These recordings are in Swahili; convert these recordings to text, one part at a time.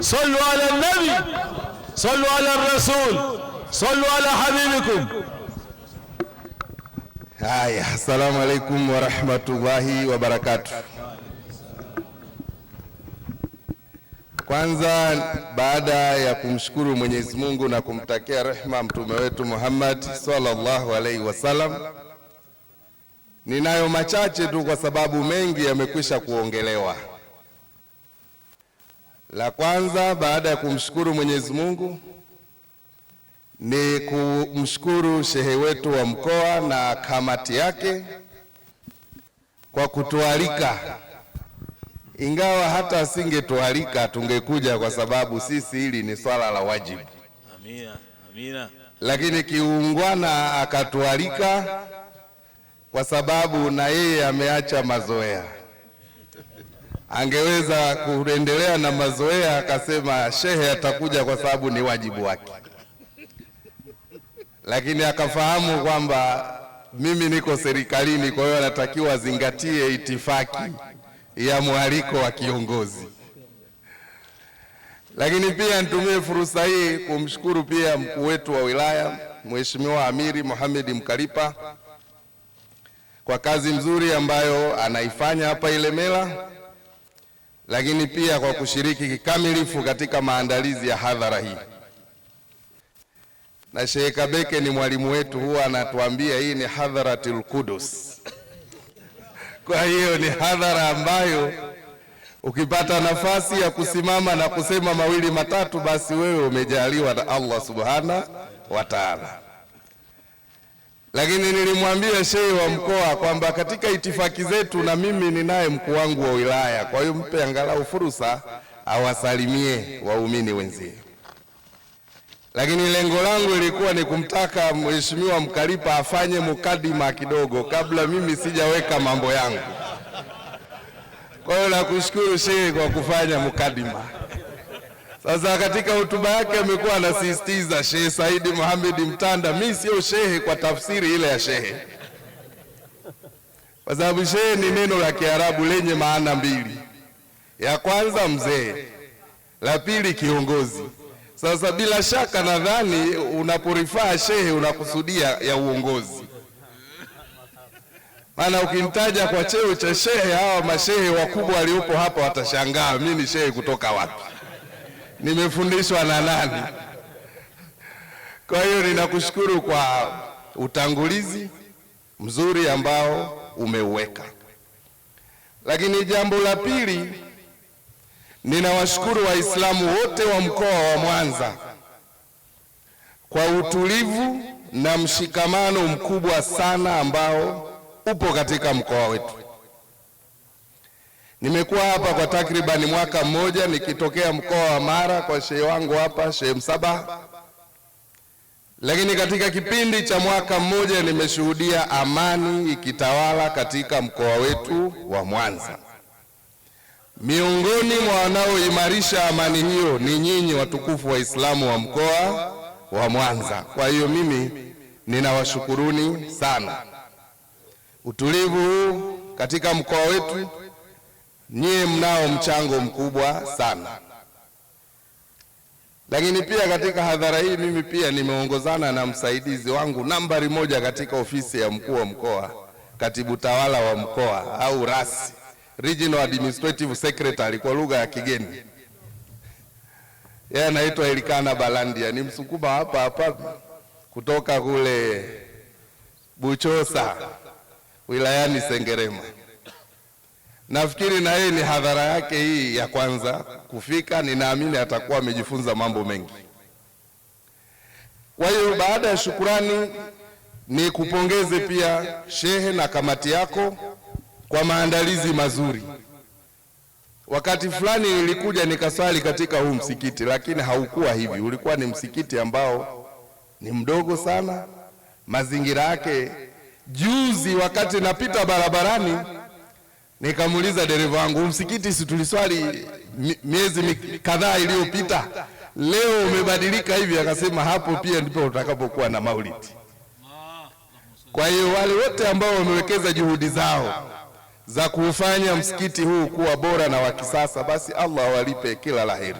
صلوا على النبي صلوا على الرسول صلوا على حبيبكم. Haya, assalamu alaikum warahmatullahi wabarakatuh. Kwanza, baada ya kumshukuru Mwenyezi Mungu na kumtakia rehma mtume wetu Muhammad sallallahu alaihi wasallam, ninayo machache tu kwa sababu mengi yamekwisha kuongelewa. La kwanza baada ya kumshukuru Mwenyezi Mungu ni kumshukuru shehe wetu wa mkoa na kamati yake kwa kutualika, ingawa hata asingetualika tungekuja, kwa sababu sisi hili ni swala la wajibu. Amina, amina. Lakini kiungwana akatualika kwa sababu na yeye ameacha mazoea angeweza kuendelea na mazoea akasema shehe atakuja kwa sababu ni wajibu wake, lakini akafahamu kwamba mimi niko serikalini, kwa hiyo anatakiwa azingatie itifaki ya mwaliko wa kiongozi. Lakini pia nitumie fursa hii kumshukuru pia mkuu wetu wa wilaya Mheshimiwa Amiri Mohamed Mkalipa kwa kazi nzuri ambayo anaifanya hapa Ilemela lakini pia kwa kushiriki kikamilifu katika maandalizi ya hadhara hii. Na Sheikh Kabeke ni mwalimu wetu, huwa anatuambia hii ni hadharatul Qudus. Kwa hiyo ni hadhara ambayo ukipata nafasi ya kusimama na kusema mawili matatu, basi wewe umejaliwa na Allah subhana wa taala. Lakini nilimwambia shehe wa mkoa kwamba katika itifaki zetu na mimi ninaye mkuu wangu wa wilaya, kwa hiyo mpe angalau fursa awasalimie waumini wenzie. Lakini lengo langu ilikuwa ni kumtaka mheshimiwa Mkalipa afanye mukadima kidogo kabla mimi sijaweka mambo yangu. Kwa hiyo nakushukuru shehe kwa kufanya mukadima. Sasa katika hotuba yake amekuwa anasisitiza Shehe Saidi Muhamedi Mtanda, mi sio shehe kwa tafsiri ile ya shehe, kwa sababu shehe ni neno la Kiarabu lenye maana mbili, ya kwanza mzee, la pili kiongozi. Sasa bila shaka nadhani unaporifaa shehe unakusudia ya uongozi, maana ukimtaja kwa cheo cha shehe, hawa mashehe wakubwa waliopo hapa watashangaa, mi ni shehe kutoka wapi? nimefundishwa na nani? Kwa hiyo ninakushukuru kwa utangulizi mzuri ambao umeuweka, lakini jambo la pili, ninawashukuru Waislamu wote wa mkoa wa Mwanza kwa utulivu na mshikamano mkubwa sana ambao upo katika mkoa wetu. Nimekuwa hapa kwa takribani mwaka mmoja nikitokea mkoa wa Mara kwa shehe wangu hapa Shehe Msaba, lakini katika kipindi cha mwaka mmoja nimeshuhudia amani ikitawala katika mkoa wetu wa Mwanza. Miongoni mwa wanaoimarisha amani hiyo ni nyinyi watukufu Waislamu wa mkoa wa Mwanza. Kwa hiyo mimi ninawashukuruni sana. Utulivu huu katika mkoa wetu nyie mnao mchango mkubwa sana, lakini pia katika hadhara hii mimi pia nimeongozana na msaidizi wangu nambari moja katika ofisi ya mkuu wa mkoa, katibu tawala wa mkoa au RAS, Regional Administrative Secretary kwa lugha ya kigeni. Yeye anaitwa Elikana Balandia, ni Msukuma hapa hapa kutoka kule Buchosa wilayani Sengerema. Nafikiri na yeye ni hadhara yake hii ya kwanza kufika, ninaamini atakuwa amejifunza mambo mengi. Kwa hiyo baada ya shukurani, ni kupongeze pia shehe na kamati yako kwa maandalizi mazuri. Wakati fulani nilikuja nikaswali katika huu msikiti, lakini haukuwa hivi. Ulikuwa ni msikiti ambao ni mdogo sana, mazingira yake. Juzi wakati napita barabarani Nikamuuliza dereva wangu, msikiti si tuliswali miezi kadhaa iliyopita, leo umebadilika hivi? Akasema hapo pia ndipo utakapokuwa na maulidi. Kwa hiyo wale wote ambao wamewekeza juhudi zao za kuufanya msikiti huu kuwa bora na wa kisasa, basi Allah awalipe kila laheri,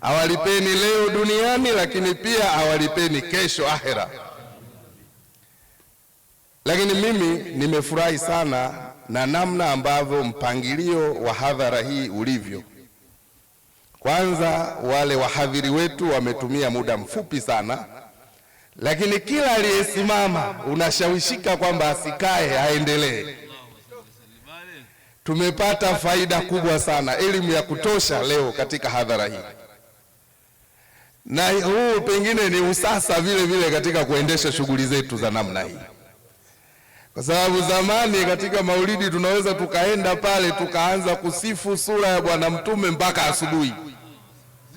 awalipeni leo duniani, lakini pia awalipeni kesho akhera. Lakini mimi nimefurahi sana na namna ambavyo mpangilio wa hadhara hii ulivyo. Kwanza, wale wahadhiri wetu wametumia muda mfupi sana, lakini kila aliyesimama unashawishika kwamba asikae, aendelee. Tumepata faida kubwa sana, elimu ya kutosha leo katika hadhara hii, na huu pengine ni usasa vile vile katika kuendesha shughuli zetu za namna hii. Kwa sababu zamani katika maulidi tunaweza tukaenda pale tukaanza kusifu sura ya Bwana Mtume mpaka asubuhi.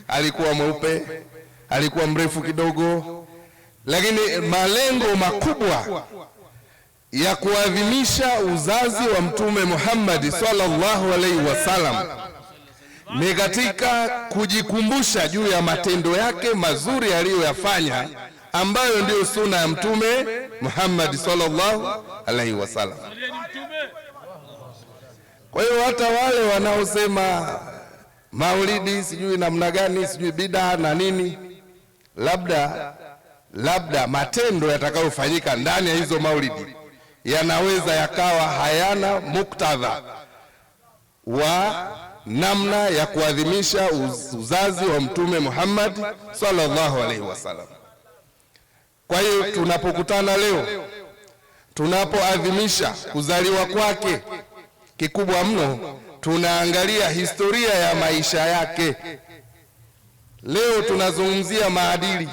Alikuwa mweupe, alikuwa mrefu kidogo, lakini malengo makubwa ya kuadhimisha uzazi wa Mtume Muhammad sallallahu alaihi wasallam ni katika kujikumbusha juu ya matendo yake mazuri aliyoyafanya ambayo ndiyo suna ya Mtume Muhammad sallallahu alaihi wasallam. Kwa hiyo hata wale wanaosema maulidi sijui namna gani sijui bida na nini, labda labda matendo yatakayofanyika ndani ya hizo maulidi yanaweza yakawa hayana muktadha wa namna ya kuadhimisha uzazi wa Mtume Muhammad sallallahu alaihi wasallam. Kwa hiyo tunapokutana leo, tunapoadhimisha kuzaliwa kwake, kikubwa mno tunaangalia historia ya maisha yake. Leo tunazungumzia maadili.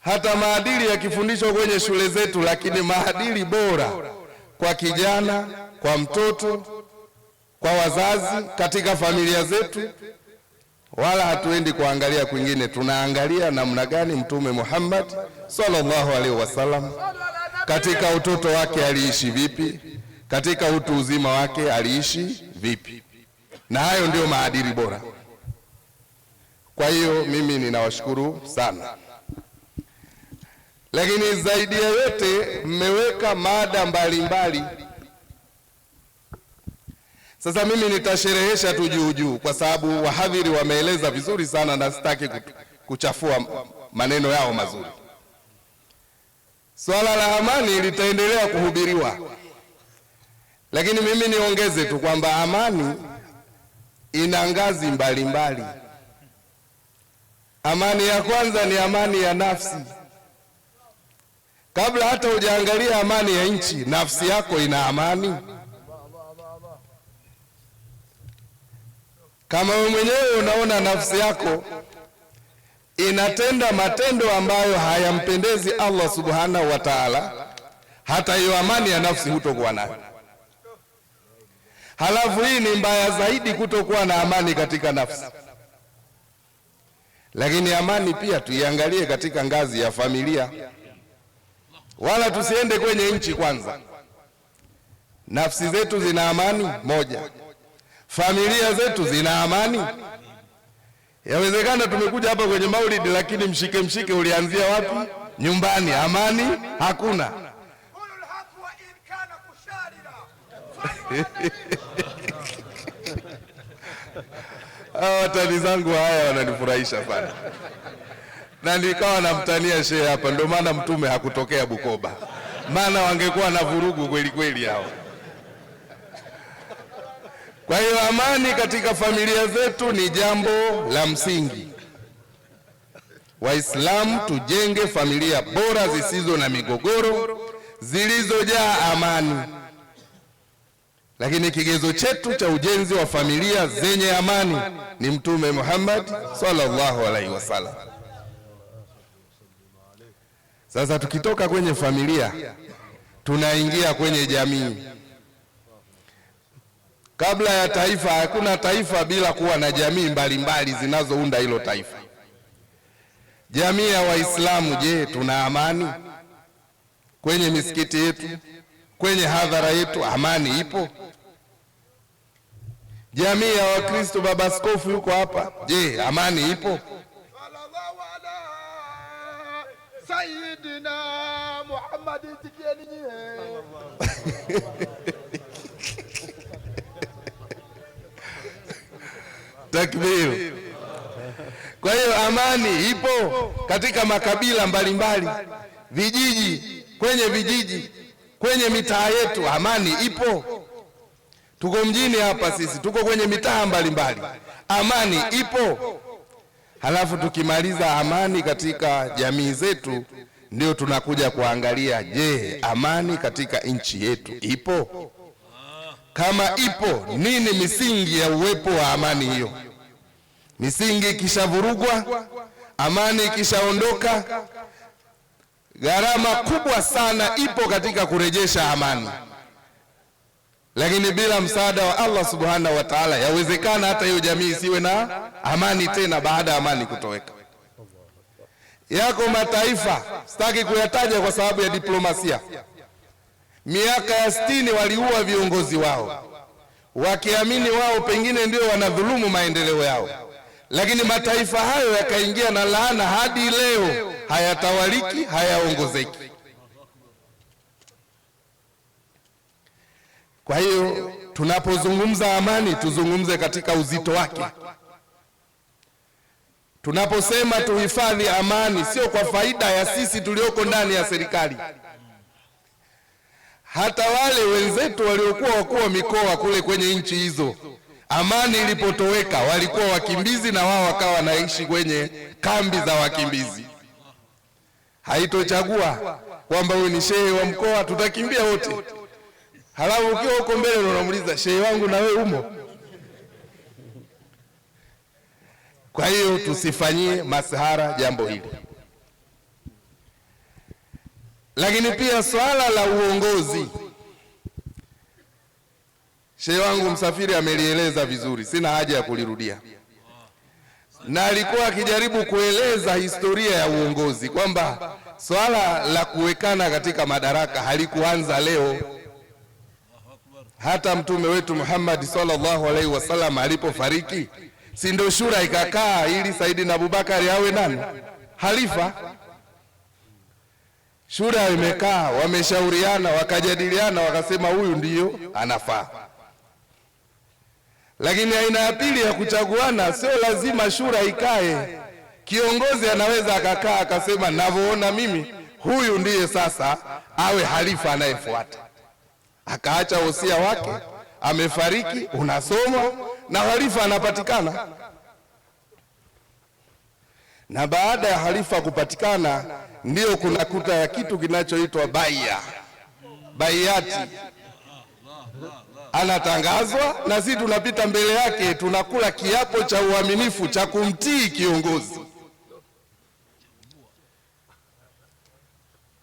Hata maadili yakifundishwa kwenye shule zetu, lakini maadili bora kwa kijana, kwa mtoto, kwa wazazi, katika familia zetu wala hatuendi kuangalia kwingine, tunaangalia namna gani Mtume Muhammad sallallahu alaihi wasallam katika utoto wake aliishi vipi, katika utu uzima wake aliishi vipi, na hayo ndiyo maadili bora. Kwa hiyo mimi ninawashukuru sana, lakini zaidi ya yote mmeweka mada mbalimbali mbali. Sasa mimi nitasherehesha tu juu juu, kwa sababu wahadhiri wameeleza vizuri sana na sitaki kuchafua maneno yao mazuri. Swala la amani litaendelea kuhubiriwa, lakini mimi niongeze tu kwamba amani ina ngazi mbalimbali. Amani ya kwanza ni amani ya nafsi. Kabla hata hujaangalia amani ya nchi, nafsi yako ina amani Kama wewe mwenyewe unaona nafsi yako inatenda matendo ambayo hayampendezi Allah subhanahu wa ta'ala, hata hiyo amani ya nafsi hutokuwa nayo. Halafu hii ni mbaya zaidi, kutokuwa na amani katika nafsi. Lakini amani pia tuiangalie katika ngazi ya familia, wala tusiende kwenye nchi kwanza. Nafsi zetu zina amani moja familia zetu zina amani? Yawezekana tumekuja hapa kwenye maulidi, lakini mshike mshike ulianzia wapi? Nyumbani amani hakuna. Hawa watani zangu haya wananifurahisha sana, na nikawa namtania shehe hapa. Ndio maana mtume hakutokea Bukoba, maana wangekuwa na vurugu kweli kweli hao. Kwa hiyo amani katika familia zetu ni jambo la msingi. Waislamu tujenge familia bora zisizo na migogoro, zilizojaa amani. Lakini kigezo chetu cha ujenzi wa familia zenye amani ni Mtume Muhammad sallallahu alaihi wasallam. Sasa tukitoka kwenye familia tunaingia kwenye jamii. Kabla ya taifa, hakuna taifa bila kuwa na jamii mbalimbali zinazounda hilo taifa. Jamii ya Waislamu, je, tuna amani kwenye misikiti yetu, kwenye hadhara yetu? Amani ipo? Jamii ya Wakristo, baba askofu yuko hapa, je, amani ipo? Takbir! Kwa hiyo amani ipo katika makabila mbalimbali, vijiji, kwenye vijiji, kwenye mitaa yetu amani ipo. Tuko mjini hapa sisi, tuko kwenye mitaa mbalimbali, amani ipo. Halafu tukimaliza amani katika jamii zetu, ndio tunakuja kuangalia, je, amani katika nchi yetu ipo? Kama ipo, nini misingi ya uwepo wa amani hiyo? Misingi ikishavurugwa, amani ikishaondoka, gharama kubwa sana ipo katika kurejesha amani, lakini bila msaada wa Allah subhanahu wa ta'ala, yawezekana hata hiyo jamii isiwe na amani tena baada ya amani kutoweka. Yako mataifa sitaki kuyataja kwa sababu ya diplomasia, miaka ya sitini waliua viongozi wao wakiamini wao pengine ndio wanadhulumu maendeleo yao lakini mataifa hayo yakaingia na laana hadi leo, hayatawaliki, hayaongozeki. Kwa hiyo tunapozungumza amani, tuzungumze katika uzito wake. Tunaposema tuhifadhi amani, sio kwa faida ya sisi tulioko ndani ya serikali. Hata wale wenzetu waliokuwa wakuu wa mikoa kule kwenye nchi hizo Amani ilipotoweka walikuwa wakimbizi na wao wakawa wanaishi kwenye kambi za wakimbizi. Haitochagua kwamba huyu ni shehe wa mkoa, tutakimbia wote. Halafu ukiwa huko mbele unamuuliza shehe wangu, na wewe umo? Kwa hiyo tusifanyie masahara jambo hili. Lakini pia swala la uongozi Shehe wangu Msafiri amelieleza vizuri, sina haja ya kulirudia, na alikuwa akijaribu kueleza historia ya uongozi kwamba swala la kuwekana katika madaraka halikuanza leo. Hata mtume wetu Muhammad sallallahu alaihi wasallam alipofariki, si ndio shura ikakaa ili Saidina Abubakari awe nani halifa? Shura imekaa, wameshauriana, wakajadiliana, wakasema huyu ndiyo anafaa lakini aina ya pili ya kuchaguana, sio lazima shura ikae. Kiongozi anaweza akakaa akasema, ninavyoona mimi huyu ndiye sasa awe halifa anayefuata, akaacha wosia wake, amefariki, unasoma na halifa anapatikana. Na baada ya halifa kupatikana, ndiyo kuna kuta ya kitu kinachoitwa baia, baiati anatangazwa na sisi tunapita mbele yake, tunakula kiapo cha uaminifu cha kumtii kiongozi.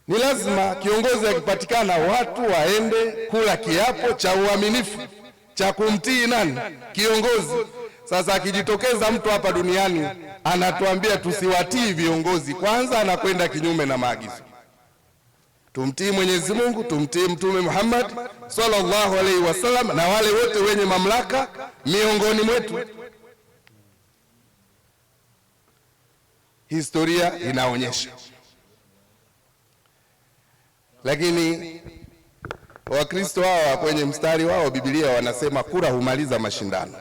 Ni lazima kiongozi akipatikana, watu waende kula kiapo cha uaminifu cha kumtii nani? Kiongozi. Sasa akijitokeza mtu hapa duniani anatuambia tusiwatii viongozi, kwanza anakwenda kinyume na maagizo. Tumtii Mwenyezi Mungu, tumtii Mtume Muhammad sallallahu alaihi wasallam na wale wote wenye mamlaka miongoni mwetu. Historia inaonyesha. Lakini Wakristo hawa kwenye mstari wao Biblia wanasema kura humaliza mashindano.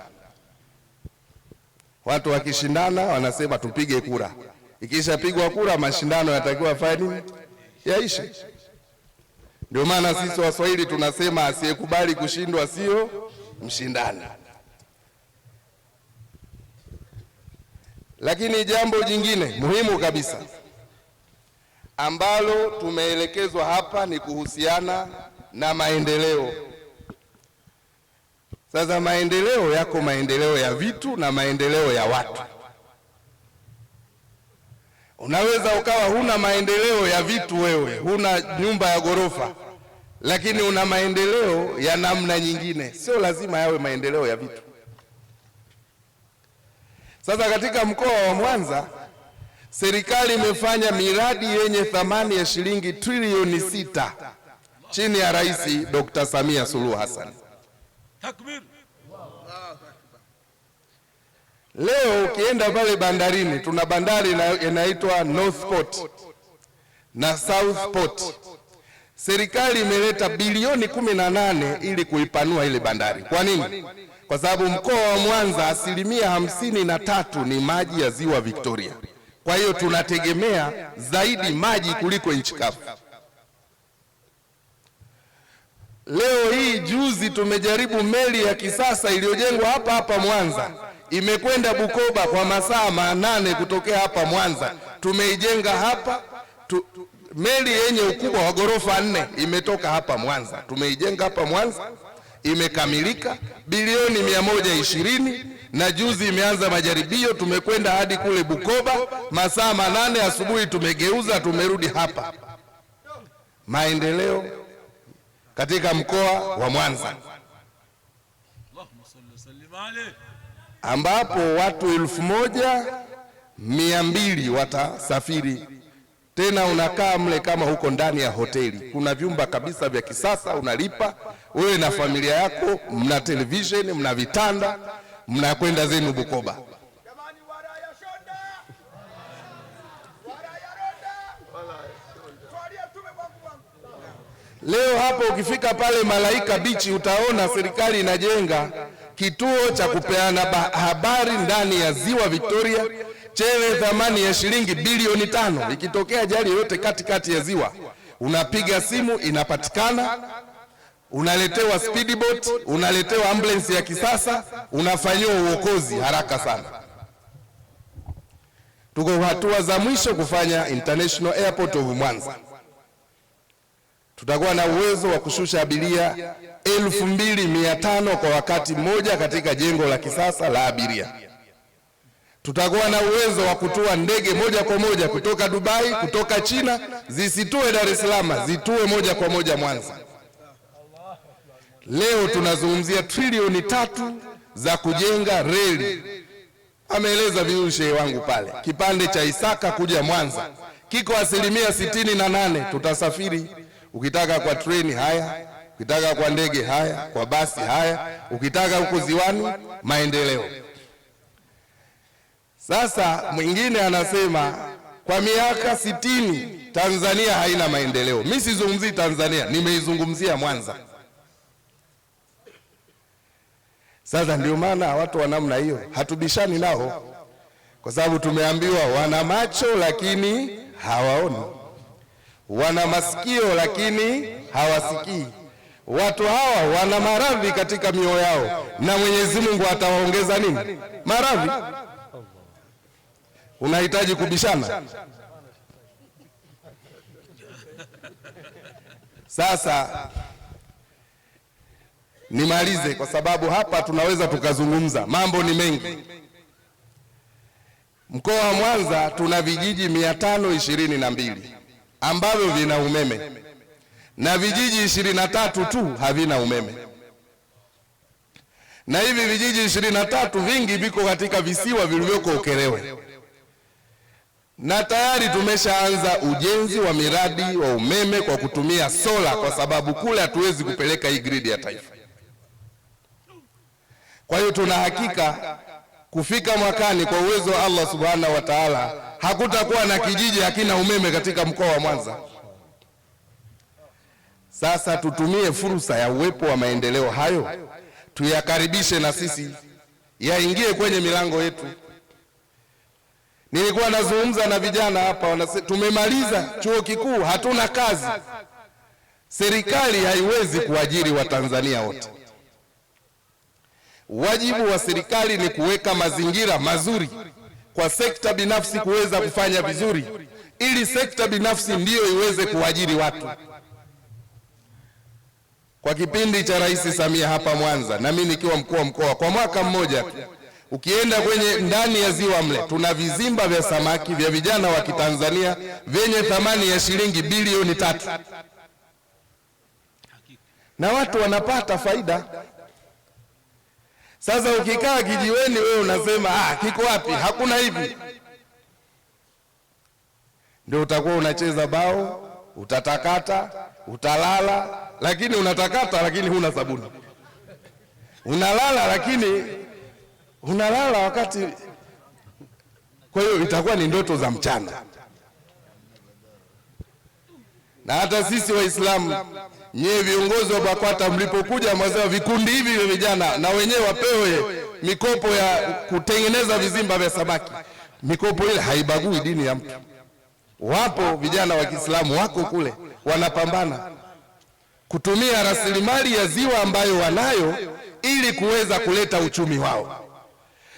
Watu wakishindana wanasema tupige kura, ikishapigwa kura mashindano yanatakiwa fani yaishe. Ndio maana sisi Waswahili tunasema asiyekubali kushindwa sio mshindani. Lakini jambo jingine muhimu kabisa ambalo tumeelekezwa hapa ni kuhusiana na maendeleo. Sasa maendeleo yako maendeleo ya vitu na maendeleo ya watu. Unaweza ukawa huna maendeleo ya vitu wewe, huna nyumba ya ghorofa, lakini una maendeleo ya namna nyingine. Sio lazima yawe maendeleo ya vitu. Sasa katika mkoa wa Mwanza serikali imefanya miradi yenye thamani ya shilingi trilioni sita chini ya Rais Dr. Samia Suluhu Hassan. Takbir. Leo ukienda pale bandarini, tuna bandari inaitwa North Port na South Port. Serikali imeleta bilioni kumi na nane ili kuipanua ile bandari. Kwa nini? Kwa sababu mkoa wa Mwanza asilimia hamsini na tatu ni maji ya ziwa Victoria. Kwa hiyo tunategemea zaidi maji kuliko nchi kavu. Leo hii juzi tumejaribu meli ya kisasa iliyojengwa hapa hapa Mwanza imekwenda Bukoba kwa masaa manane kutokea hapa Mwanza. Tumeijenga hapa tu, meli yenye ukubwa wa ghorofa nne imetoka hapa Mwanza, tumeijenga hapa Mwanza, imekamilika bilioni ishirini na juzi imeanza majaribio, tumekwenda hadi kule Bukoba masaa manane asubuhi, tumegeuza tumerudi hapa. Maendeleo katika mkoa wa Mwanza. Allahumma salli wa sallim alayhi ambapo watu elfu moja mia mbili watasafiri. Tena unakaa mle kama huko ndani ya hoteli, kuna vyumba kabisa vya kisasa, unalipa wewe na familia yako, mna televisheni, mna vitanda, mnakwenda zenu Bukoba. Leo hapo ukifika pale Malaika Bichi utaona serikali inajenga kituo cha kupeana habari ndani ya ziwa Victoria chenye thamani ya shilingi bilioni tano. Ikitokea ajali yoyote katikati ya ziwa, unapiga simu, inapatikana, unaletewa speedboat, unaletewa ambulance ya kisasa, unafanyiwa uokozi haraka sana. Tuko hatua za mwisho kufanya International Airport of Mwanza tutakuwa na uwezo wa kushusha abiria elfu mbili mia tano kwa wakati mmoja katika jengo la kisasa la abiria. Tutakuwa na uwezo wa kutua ndege moja kwa moja kutoka Dubai, kutoka China, zisitue Dar es Salaam, zitue moja kwa moja Mwanza. Leo tunazungumzia trilioni tatu za kujenga reli. Ameeleza vizuri shehe wangu pale, kipande cha Isaka kuja Mwanza kiko asilimia sitini na nane tutasafiri Ukitaka kwa treni haya, ukitaka kwa ndege haya, kwa basi haya, ukitaka huko ziwani, maendeleo. Sasa mwingine anasema kwa miaka sitini Tanzania haina maendeleo. Mimi sizungumzii Tanzania, nimeizungumzia Mwanza. Sasa ndio maana watu wa namna hiyo hatubishani nao, kwa sababu tumeambiwa wana macho lakini hawaoni wana masikio lakini hawasikii. Watu hawa wana maradhi katika mioyo yao, na Mwenyezi Mungu atawaongeza nini? Maradhi. Unahitaji kubishana? Sasa nimalize, kwa sababu hapa tunaweza tukazungumza, mambo ni mengi. Mkoa wa Mwanza tuna vijiji mia tano ishirini na mbili ambavyo vina umeme na vijiji ishirini na tatu tu havina umeme, na hivi vijiji ishirini na tatu vingi viko katika visiwa vilivyoko Ukerewe, na tayari tumeshaanza ujenzi wa miradi wa umeme kwa kutumia sola, kwa sababu kule hatuwezi kupeleka hii gridi ya taifa. Kwa hiyo tuna hakika Kufika mwakani kwa uwezo wa Allah subhanahu wa taala, hakutakuwa na kijiji hakina umeme katika mkoa wa Mwanza. Sasa tutumie fursa ya uwepo wa maendeleo hayo, tuyakaribishe na sisi, yaingie kwenye milango yetu. Nilikuwa nazungumza na vijana hapa, tumemaliza chuo kikuu, hatuna kazi. Serikali haiwezi kuajiri Watanzania wote. Wajibu wa serikali ni kuweka mazingira mazuri kwa sekta binafsi kuweza kufanya vizuri, ili sekta binafsi ndiyo iweze kuajiri watu. Kwa kipindi cha Rais Samia hapa Mwanza, na mimi nikiwa mkuu wa mkoa, kwa mwaka mmoja tu, ukienda kwenye ndani ya ziwa mle, tuna vizimba vya samaki vya vijana wa Kitanzania vyenye thamani ya shilingi bilioni tatu na watu wanapata faida sasa ukikaa kijiweni wewe unasema ah, kiko wapi? Hakuna hivi, ndio utakuwa unacheza bao, utatakata, utalala, lakini unatakata, lakini huna sabuni. Unalala lakini unalala wakati. Kwa hiyo itakuwa ni ndoto za mchana, na hata sisi Waislamu Nyie viongozi wa BAKWATA mlipokuja mazao vikundi hivi vya vijana na wenyewe wapewe mikopo ya kutengeneza vizimba vya samaki. Mikopo ile haibagui dini ya mtu. Wapo vijana wa Kiislamu wako kule wanapambana kutumia rasilimali ya ziwa ambayo wanayo ili kuweza kuleta uchumi wao.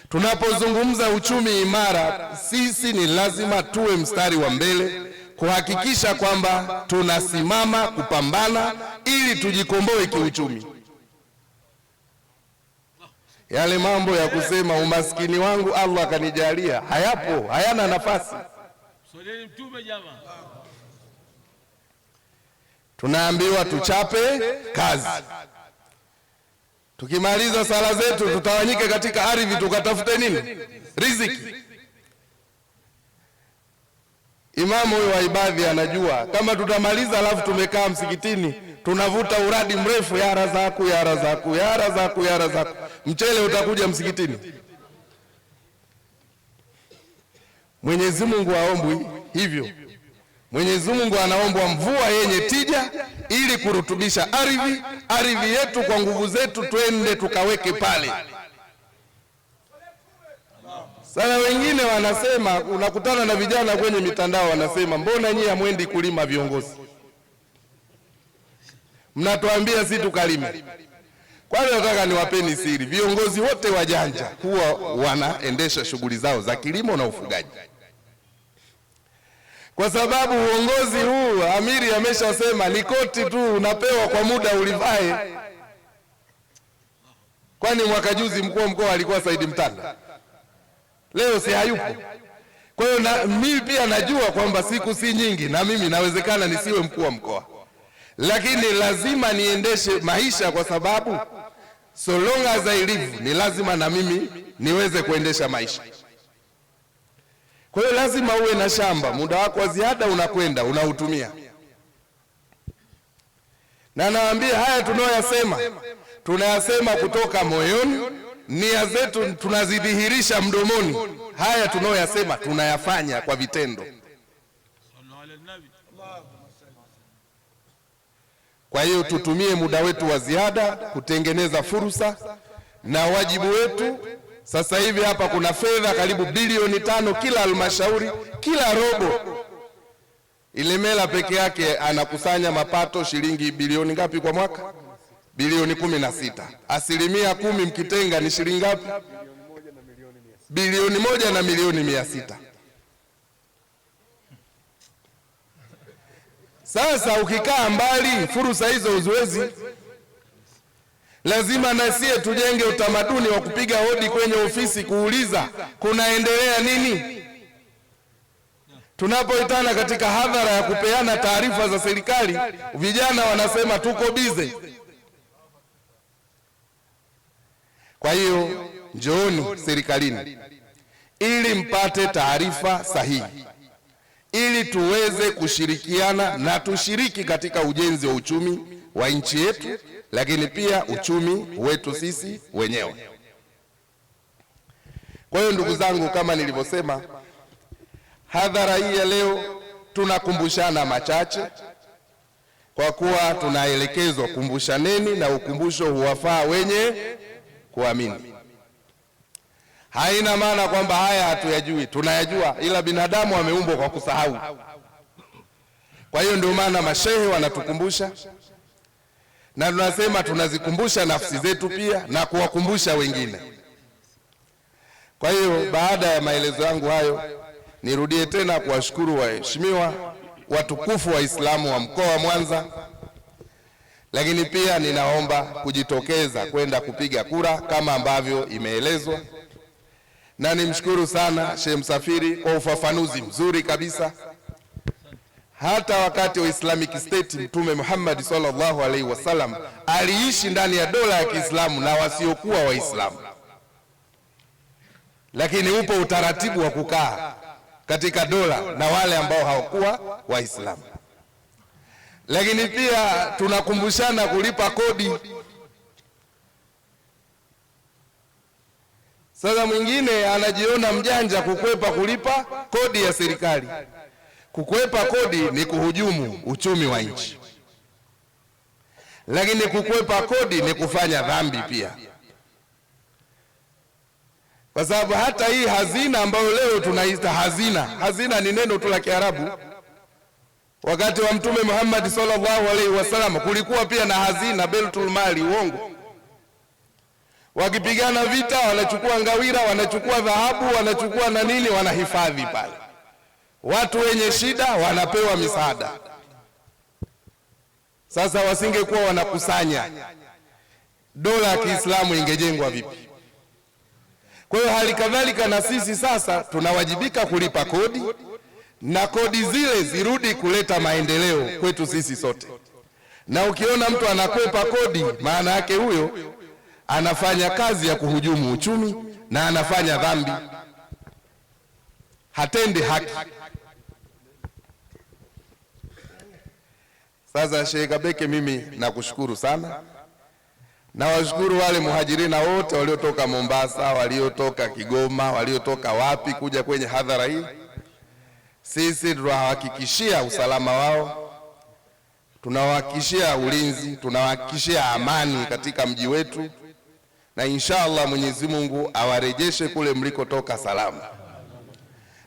Tunapozungumza uchumi imara, sisi ni lazima tuwe mstari wa mbele kuhakikisha kwamba tunasimama kupambana ili tujikomboe kiuchumi. Yale mambo ya kusema umaskini wangu Allah akanijalia hayapo, hayana nafasi. Tunaambiwa tuchape kazi, tukimaliza sala zetu tutawanyike katika ardhi tukatafute nini? Riziki. Imamu huyo wa Ibadhi anajua kama tutamaliza, alafu tumekaa msikitini tunavuta uradi mrefu, ya razaku ya razaku ya razaku ya razaku, mchele utakuja msikitini. Mwenyezi Mungu haombwi hivyo. Mwenyezi Mungu anaombwa mvua yenye tija ili kurutubisha ardhi, ardhi yetu kwa nguvu zetu, twende tukaweke pale. Sasa wengine wanasema, unakutana na vijana kwenye mitandao wanasema, mbona nyinyi hamwendi kulima viongozi? Mnatuambia si tukalime. Kwani nataka niwapeni siri, viongozi wote wajanja huwa wanaendesha shughuli zao za kilimo na ufugaji, kwa sababu uongozi huu amiri ameshasema ni koti tu unapewa kwa muda ulivae. Kwani mwaka juzi mkuu wa mkoa alikuwa Saidi Mtanda leo si hayupo. Kwa hiyo mimi pia najua kwamba siku si nyingi, na mimi nawezekana nisiwe mkuu wa mkoa, lakini lazima niendeshe maisha, kwa sababu so long as I live ni lazima na mimi niweze kuendesha maisha. Kwa hiyo lazima uwe na shamba, muda wako wa ziada unakwenda unautumia, na nawaambia haya tunayoyasema tunayasema kutoka moyoni nia zetu tunazidhihirisha mdomoni, haya tunayoyasema tunayafanya kwa vitendo. Kwa hiyo tutumie muda wetu wa ziada kutengeneza fursa na wajibu wetu sasa hivi. Hapa kuna fedha karibu bilioni tano kila halmashauri kila robo. Ilemela peke yake anakusanya mapato shilingi bilioni ngapi kwa mwaka? bilioni kumi na sita. Asilimia kumi mkitenga ni shilingi ngapi? Bilioni moja na milioni mia sita. Sasa ukikaa mbali, fursa hizo huziwezi. Lazima na tujenge utamaduni wa kupiga hodi kwenye ofisi, kuuliza kunaendelea nini tunapoitana katika hadhara ya kupeana taarifa za serikali. Vijana wanasema tuko bize. Kwa hiyo njooni serikalini ili mpate taarifa sahihi ili tuweze kushirikiana na tushiriki katika ujenzi wa uchumi wa nchi yetu, lakini pia uchumi wetu sisi wenyewe. Kwa hiyo ndugu zangu, kama nilivyosema, hadhara hii ya leo tunakumbushana machache, kwa kuwa tunaelekezwa kumbushaneni, na ukumbusho huwafaa wenye kuamini. Haina maana kwamba haya hatuyajui, tunayajua, ila binadamu ameumbwa kwa kusahau. Kwa hiyo ndio maana mashehe wanatukumbusha na tunasema tunazikumbusha nafsi zetu pia na kuwakumbusha wengine. Kwa hiyo baada ya maelezo yangu hayo, nirudie tena kuwashukuru waheshimiwa watukufu Waislamu wa mkoa wa Mwanza lakini pia ninaomba kujitokeza kwenda kupiga kura kama ambavyo imeelezwa, na nimshukuru sana Sheikh Msafiri kwa ufafanuzi mzuri kabisa. Hata wakati wa Islamic State Mtume Muhammad sallallahu alaihi wasallam aliishi ndani ya dola ya Kiislamu na wasiokuwa Waislamu, lakini upo utaratibu wa kukaa katika dola na wale ambao hawakuwa Waislamu lakini pia tunakumbushana kulipa kodi. Sasa mwingine anajiona mjanja kukwepa kulipa kodi ya serikali. Kukwepa kodi ni kuhujumu uchumi wa nchi, lakini kukwepa kodi ni kufanya dhambi pia, kwa sababu hata hii hazina ambayo leo tunaita hazina, hazina ni neno tu la Kiarabu Wakati wa Mtume Muhammad sallallahu alaihi wasallam kulikuwa pia na hazina Baitul Mali, uongo. Wakipigana vita, wanachukua ngawira, wanachukua dhahabu, wanachukua na nini, wanahifadhi pale. Watu wenye shida wanapewa misaada. Sasa wasingekuwa wanakusanya, dola ya Kiislamu ingejengwa vipi? Kwa hiyo hali kadhalika na sisi sasa tunawajibika kulipa kodi na kodi zile zirudi kuleta maendeleo kwetu sisi sote. Na ukiona mtu anakopa kodi, maana yake huyo anafanya kazi ya kuhujumu uchumi na anafanya dhambi, hatendi haki. Sasa Sheikh Kabeke, mimi nakushukuru sana, nawashukuru wale muhajirina wote waliotoka Mombasa, waliotoka Kigoma, waliotoka wapi kuja kwenye hadhara hii sisi tunawahakikishia usalama wao, tunawahakikishia ulinzi, tunawahakikishia amani katika mji wetu, na insha Allah Mwenyezi Mungu awarejeshe kule mlikotoka salama.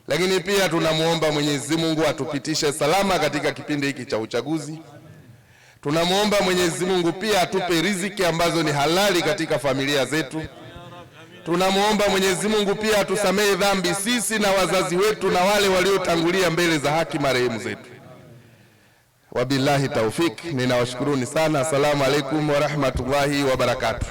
Lakini pia tunamwomba Mwenyezi Mungu atupitishe salama katika kipindi hiki cha uchaguzi. Tunamwomba Mwenyezi Mungu pia atupe riziki ambazo ni halali katika familia zetu. Tunamwomba Mwenyezi Mungu pia atusamehe dhambi sisi na wazazi wetu na wale waliotangulia mbele za haki marehemu zetu. Wabillahi taufik ninawashukuruni sana. Assalamu alaikum warahmatullahi wabarakatuh.